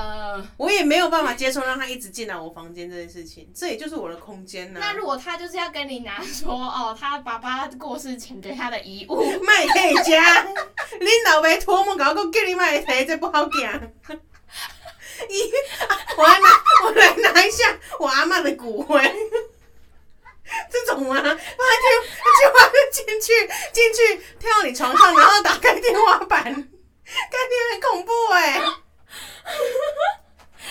我也沒有辦法接受讓他一直進來我房間這件事情，這也就是我的空間呢、啊。那如果他就是要跟你拿說哦，他爸爸過世前給他的遺物，賣給家，領 導你老爸托夢告訴我叫你買誰，這個、不好講。咦， 我來拿，我來拿一下我阿嬤的骨灰， 這種嗎、啊？他跳，他跳，就進去，進去，跳到你床上，然後打開天花板，感 覺很恐怖哎、欸。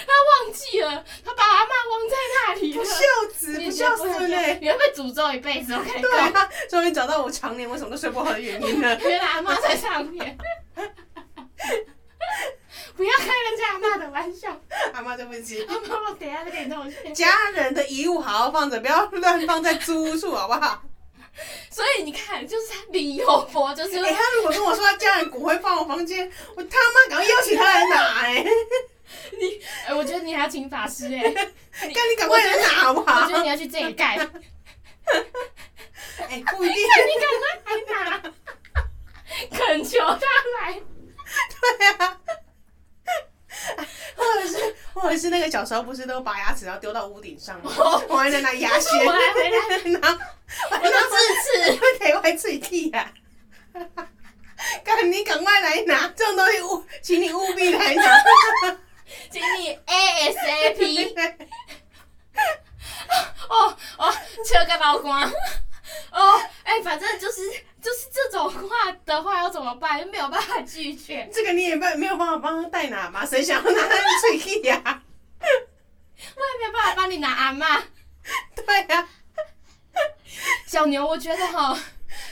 他忘記了，他把阿媽忘在那裡了。不孝子，不孝子，哎，你會被詛咒一輩子！我跟你講。對，終於找到我常年為什麼都睡不好的原因了。 原來阿媽在上面。 不要開人家阿媽的玩笑， 阿媽對不起。阿媽，我等一下再跟你道歉。家人的遺物好好放着，不要亂放在租屋處，好不好？所以你看，就是他李有佛，就是、欸、他如果跟我說他家人骨灰放我房間，我他媽趕快邀請他來拿。哎、欸！你哎、啊欸，我覺得你還要請法師。哎、欸！你趕趕快來拿好不好？我覺得你要去這裡蓋。哎、欸，不一定。欸、你趕快來拿！懇求他來。對啊。啊或者是。或者是那個小時候不是都把牙齒然後丟到屋頂上嗎？我還能拿牙籤，我，還拿， 我還能拿，我都智齒，我得歪智齒啊趕、啊、你趕快來拿，這種東西務，請你務必來拿， 請你 ASAP。哦 哦，笑到流汗。哦，哎，反正就是就是這種話的話要怎麼辦？又沒有辦法拒絕。這個你也沒沒有辦法幫他代拿嗎？誰想要拿出去呀？我也沒有辦法幫你拿 對啊。阿嬤。對呀，小牛，我覺得哈、哦，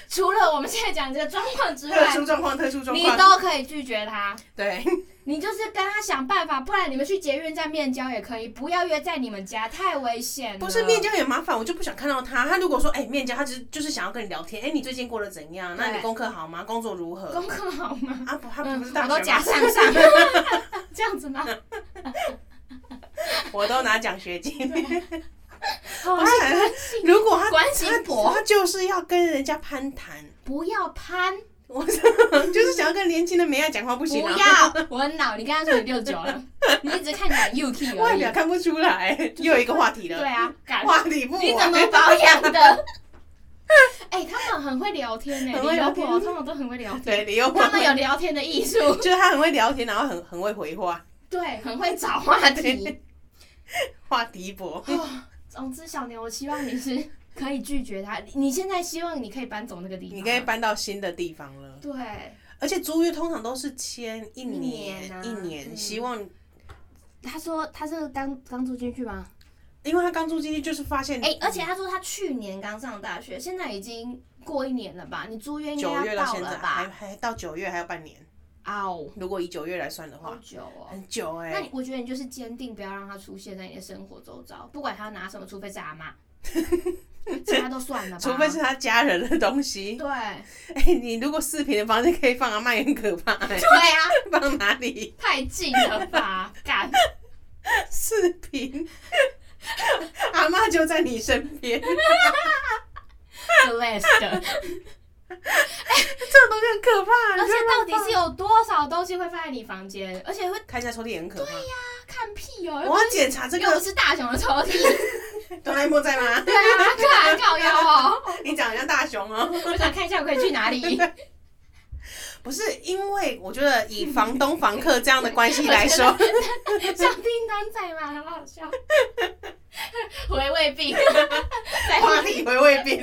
除了我們現在講這個狀況之外，特殊狀況、特殊狀況，你都可以拒絕他。對。你就是跟他想辦法，不然你們去捷運站面交也可以，不要約在你們家，太危險。不是面交也麻煩，我就不想看到他。他如果說哎、欸、面交，他只、就是就是想要跟你聊天，哎、欸、你最近過得怎樣？那你功課好嗎？工作如何？功課好嗎？阿、啊、婆，他不是大學、嗯、我都假善 這樣子嗎？ 我都拿獎學金。 如果他婆，他就是要跟人家攀談，不要攀我。 跟年輕的妹妹講話不行，啊。不要，我很老。你跟他說你六九了， 你一直看起來又 Q。外表看不出來，就是，又有一個話題了。對啊，話題博。你怎麼保養的？哎、 欸，他們很會聊天呢，欸。很會聊天，他們、喔、 都很會聊天。對你有，他們有聊天的藝術。就是他很會聊天，然後很很會回話。對，很會找話題。 話題不、哦？總之，小牛，我希望你是可以拒絕他。你現在希望你可以搬走那個地方，啊，你可以搬到新的地方了。對。而且租約通常都是簽一年，一年、啊一年嗯、希望。他說他是剛剛租進去嗎？因為他剛租進去就是發現。哎、欸，而且他說他去年剛上大學，現在已經過一年了吧？你租約應該要到了吧？了還還到九月還有半年。哦。如果以九月來算的話，很久哦，很久誒、欸、那你我覺得你就是堅定不要讓他出現在你的生活周遭，不管他拿什麼，除非是阿嬤。 其他都算了吧，除非是他家人的東西。對，欸、你如果視頻的房間可以放阿媽也很可怕、欸，對。對啊，放哪裡？太近了吧，幹？ 視頻，阿媽就在你身邊。Celeste。 哎、欸，這種東西很可怕。而且到底是有多少東西會放在你房間？而且會看一下抽屜也很可怕。對呀、啊，看屁哦！我要檢查這個又不是大熊的抽屜。哆啦 A 夢在嗎？ 對啊，快來靠我哦！ 你長得像大熊哦，我想看一下我可以去哪裡。 不是因為我覺得以房東房客，這樣的關係來說， 我像叮當仔嘛，很好，好笑，回味病，話題回味病，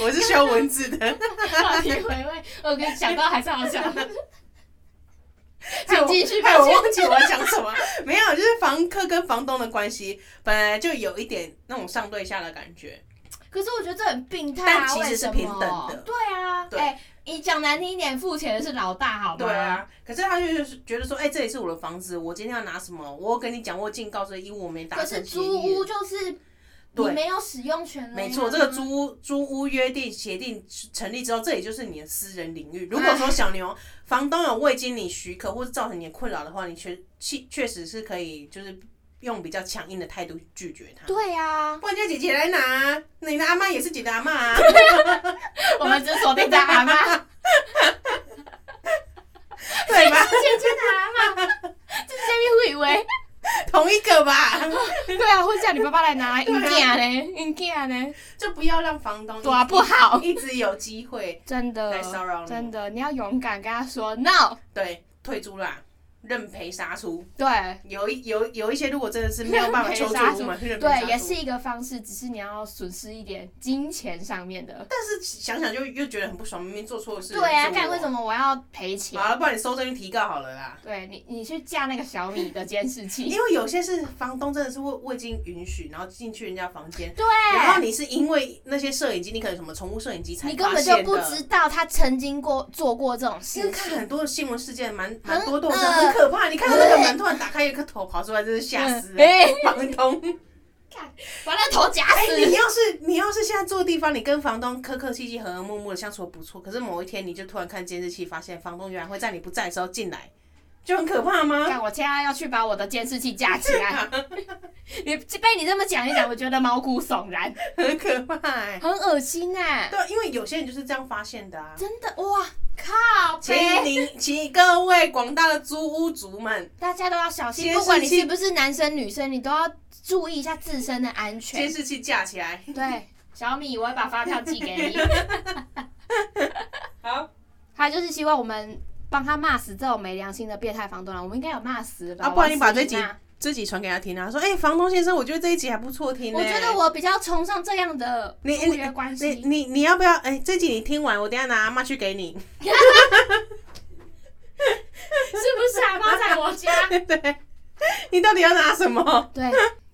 我是修文字的，話題回味，我跟想到還是好笑。請繼續，我忘記我要講什麼， 沒有，就是房客跟房東的關係本來就有一點那種上對下的感覺，可是我覺得這很病態啊，但其實是平等的，對啊，對、欸你講難聽一點，付錢的是老大，好不好？對啊，可是他就是覺得說，哎、欸，這也是我的房子，我今天要拿什麼？我跟你講過，進告這因為我沒打算。可是租屋就是，你沒有使用權了、啊。沒錯，這個租屋租屋約定協定成立之後，這裡就是你的私人領域。如果說小牛 房東有未經你許可，或者造成你的困擾的話，你確確確實是可以就是。用比較強硬的態度拒絕他。對呀、啊，不然叫姐姐來拿、啊，你的阿媽也是姐的阿媽啊。 我們只鎖定的阿媽， 對吧？ 姐姐的阿媽就是這邊會以為同一個吧？ 對啊，會叫你爸爸來拿。硬 件 呢？硬 件呢？ 就不要讓房東抓不好， 一直有機會真的來騷擾你。真的，你要勇敢跟他說 no。對，退租啦。認賠殺出，對，有一有有一些如果真的是沒有辦法求救嘛，出出，對，也是一個方式，只是你要損失一點金錢上面的。但是想想就又覺得很不爽，明明做錯了事。對啊，幹為什麼我要賠錢？好了、啊，不然你收證據提告好了啦。對你，你去架那個小米的監視器， 因為有些是房東真的是未未經允許，然後進去人家房間。對。然後你是因為那些攝影機，你可能什麼寵物攝影機才的你根本就不知道他曾經過做過這種事。情、嗯。看、嗯、很多的新聞事件，蠻蠻多的可怕！你看到那個門突然打開，一個頭跑出來，真是嚇死！欸、房東，把那頭夾死、欸。你要是你要是現在住的地方，你跟房東客客氣氣、和和睦睦的相處不錯，可是某一天你就突然看監視器，發現房東原來會在你不在的時候進來。就很可怕嗎？那我現在要去把我的監視器架起來。你 被你這麼講一講，我覺得毛骨悚然，很可怕、欸，很噁心哎、啊。對，因為有些人就是這樣發現的啊。真的哇，靠！請你請各位廣大的租屋族們，大家都要小心，不管你是不是男生女生，你都要注意一下自身的安全。監視器架起來。對，小米，我會把發票寄給你。 好。他就是希望我們。幫他罵死這種沒良心的變態房東了，我們應該有罵死吧？啊好不好，不然你把這集、這集傳給他聽啊！說，哎、欸，房東先生，我覺得這一集還不錯聽、欸。我覺得我比較崇尚這樣的關係。你你你你，你要不要？哎、欸，這一集你聽完，我等下拿阿媽去給你。 是不是阿媽在我家？ 對。你到底要拿什麼？ 對。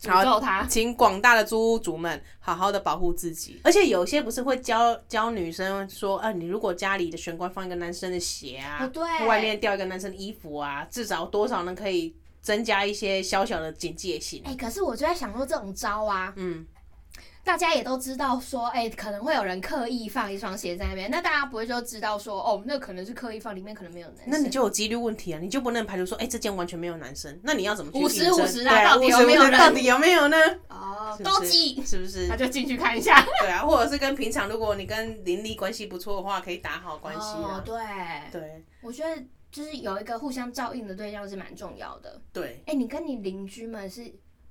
然後，請廣大的租屋族們好好的保護自己、嗯，而且有些不是會教教女生說，啊，你如果家裡的玄關放一個男生的鞋啊，哦、對，外面掉一個男生的衣服啊，至少多少能可以增加一些小小的警戒性。哎、欸，可是我就在想說，這種招啊，嗯。大家也都知道說，說、欸、哎，可能會有人刻意放一雙鞋在那邊，那大家不會就知道說，哦，那可能是刻意放，裡面可能沒有男生。那你就有幾率問題啊，你就不能排除說，哎、欸，這間完全沒有男生，那你要怎麼去？五十五十啊，到底有沒有？到底有沒有呢？哦，都幾？是不是？那就進去看一下。對啊，或者是跟平常，如果你跟鄰里關係不錯的話，可以打好關係。哦，對對，我覺得就是有一個互相照應的對象是蠻重要的。對，哎、欸，你跟你鄰居們是？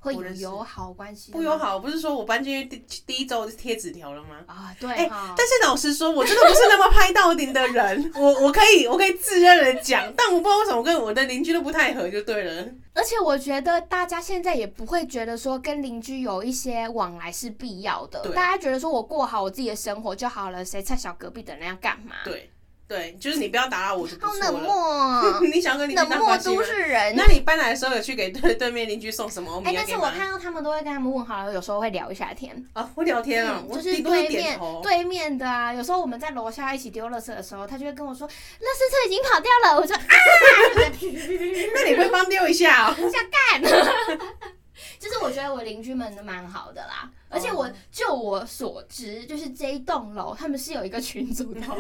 會有友好關係，不友好不是說，我搬進去第第一周貼紙條了嗎？啊，對哦。欸，但是老實說，我真的不是那麼拍到頂的人， 我我可以我可以自認的講，但我不知道為什麼跟我的鄰居都不太合，就對了。而且我覺得大家現在也不會覺得說，跟鄰居有一些往來是必要的，對。大家覺得說，我過好我自己的生活就好了，誰在小隔壁等人要幹嘛？對。對，就是你不要打擾我就不。好冷漠，呵呵你小跟你當冷漠都市人。那你搬來的時候有去給對對面鄰居送什麼？哎、欸，但是我看到他們都會跟他們問好，了，有時候會聊一下天。啊、哦，會聊天啊、嗯，就是對面是對面的啊，有時候我們在樓下一起丟垃圾的時候，他就會跟我說：“垃圾車已經跑掉了。”我說：“啊！”那你會幫丟一下啊？想幹？就是我覺得我鄰居們都蠻好的啦，而且我、oh. 就我所知，就是這一棟樓他們是有一個群組的。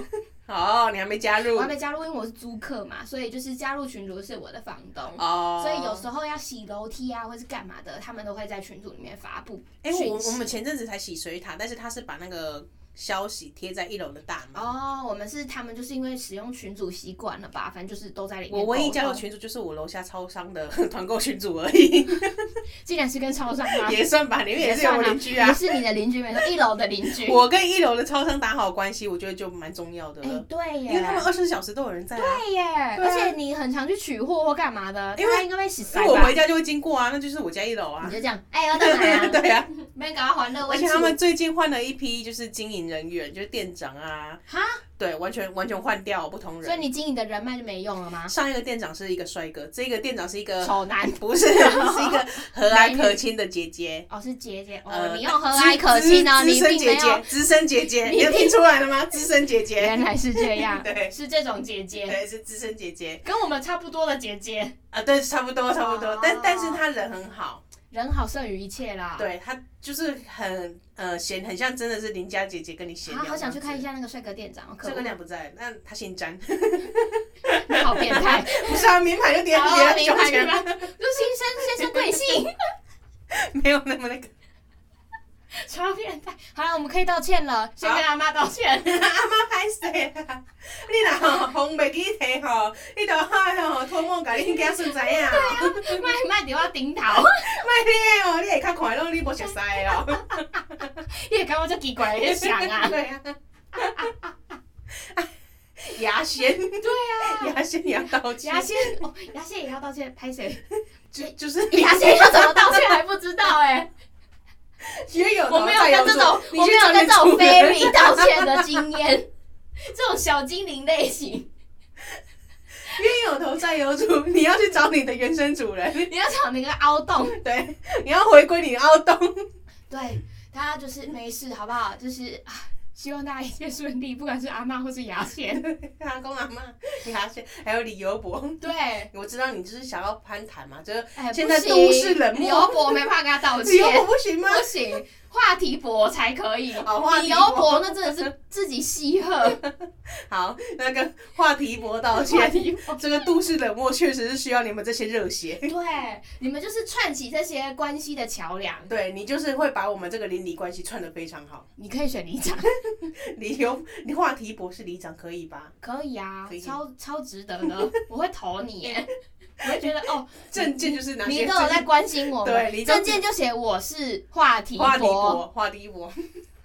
哦，你還沒加入？我還沒加入，因為我是租客嘛，所以就是加入群組是我的房東。哦，所以有時候要洗樓梯啊，或是幹嘛的，他們都會在群組裡面發布。哎、欸，我我們前陣子才洗水塔，但是他是把那個。消息貼在一樓的大門哦，oh, 我們是他們就是因為使用群組習慣了吧，反正就是都在裡面。我唯一加入群組就是我樓下超商的團購群組而已。 竟然是跟超商、啊、也算吧，裡面也是我鄰居啊，也啊你是你的鄰居 沒錯，一樓的鄰居。我跟一樓的超商打好關係，我覺得就蠻重要的。哎、欸，對耶，因為他們二十四小時都有人在、啊對。對耶，而且你很常去取貨或幹嘛的，大家應該會死。因為我回家就會經過啊，那就是我家一樓啊。你就這樣，哎、欸，要到哪、啊 對啊？對啊，沒人搞到還樂。而且他們最近換了一批，就是經營。人員就是店長啊，哈，對，完全完全換掉不同人，所以你經營的人脈就沒用了嗎？上一個店長是一個帥哥，這個店長是一個醜男，不是，是一個和藹可親的姐姐。哦，是姐姐，哦，呃，你要和藹可親的資深姐姐，資深姐姐，你聽出來了嗎？資深姐姐原來是這樣， 對，是這種姐姐，對，是資深姐姐，跟我們差不多的姐姐啊，對，差不多，差不多，哦，但但是他人很好。人好勝於一切啦，對，他就是很呃閒，很像真的是鄰家姐姐跟你閒聊啊。他、啊、好想去看一下那個帥哥店長，帥哥店長不在，那他先沾 你好變態， 不是啊，名牌就點點，名牌對吧？陸 先生，先生貴姓？沒有，那麼那個。超變態！好了，我們可以道歉了。先跟阿媽道歉，阿媽歹勢啊？你若哄給你摕吼，你都喊吼託夢甲恁家先知影哦。對啊，莫莫掉我頂頭。莫你個哦，你會較快樂，你無熟悉哦。你會剛剛就奇怪的想啊。對呀，牙仙。對呀，牙仙也要道歉？牙仙哦，牙仙也要道歉？歹勢？就就是。牙仙要怎麼道歉還不知道哎，欸。有,頭有，我沒有跟這種，我沒有跟這種非禮道歉的經驗， 這種小精靈類型，冤有頭債有,有,有主，你要去找你的原生主人，你要找那個凹洞，對，你要回歸你的凹洞，對，大家就是沒事，好不好？就是。希望大家一切順利，不管是阿嬤，或是牙籤、 阿公、阿嬤、牙籤，還有李尤伯。對，我知道你就是想要攀談嘛，就是現在都是冷漠，尤、欸、伯沒辦法跟他道歉，李尤伯不行嗎？不行。話題博才可以，好、哦、話題博，博那真的是自己稀賀。 好，那個話題博道歉。題這個都市冷漠確實是需要你們這些熱血。對，你們就是串起這些關係的橋樑。對，你就是會把我們這個鄰里關係串得非常好。你可以選里長，理 由你話題博是里長可以吧？可以啊，可以超超值得的， 我會投你耶。Okay. 我會覺得哦，證件就是男生你都有在關心我，對，證件就寫我是話題話題博話題博，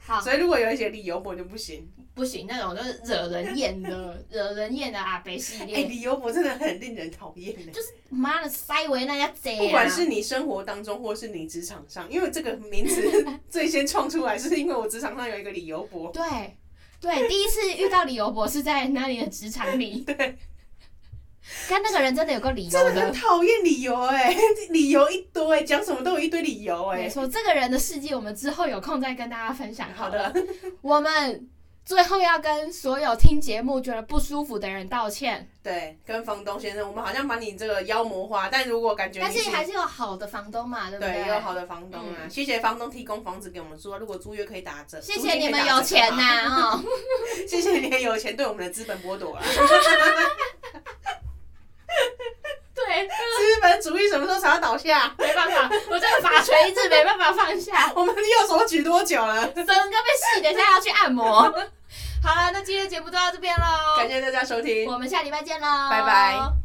好，所以如果有人寫理由博就不行，不行那種就是惹人厭的， 惹人厭的阿伯系列，哎、欸，理由博真的很令人討厭耶，就是媽的，塞維那家賊、啊，不管是你生活當中，或是你職場上，因為這個名詞最先創出來，是因為我職場上有一個理由博，對，對，第一次遇到理由博是在那裡的職場裡，對。跟那個人真的有個理由，真的很討厭理由哎、欸，理由一堆、欸，講什麼都有一堆理由哎、欸。沒錯，這個人的事蹟我們之後有空再跟大家分享好。好的，我們最後要跟所有聽節目覺得不舒服的人道歉。對，跟房東先生，我們好像把你這個妖魔化，但如果感覺，但是還是有好的房東嘛，對不對？對，有好的房東啊、嗯，謝謝房東提供房子給我們住，如果租約可以打折，謝謝你們有錢吶、啊。哦， 謝謝你們有錢對我們的資本剝奪啊 資本主義什麼時候才要倒下？沒辦法，我這個法槌沒辦法放下。我們右手舉多久了？整個被洗，等一下要去按摩。 好了，那今天的節目就到這邊嘍，感謝大家收聽，我們下禮拜見嘍，拜拜。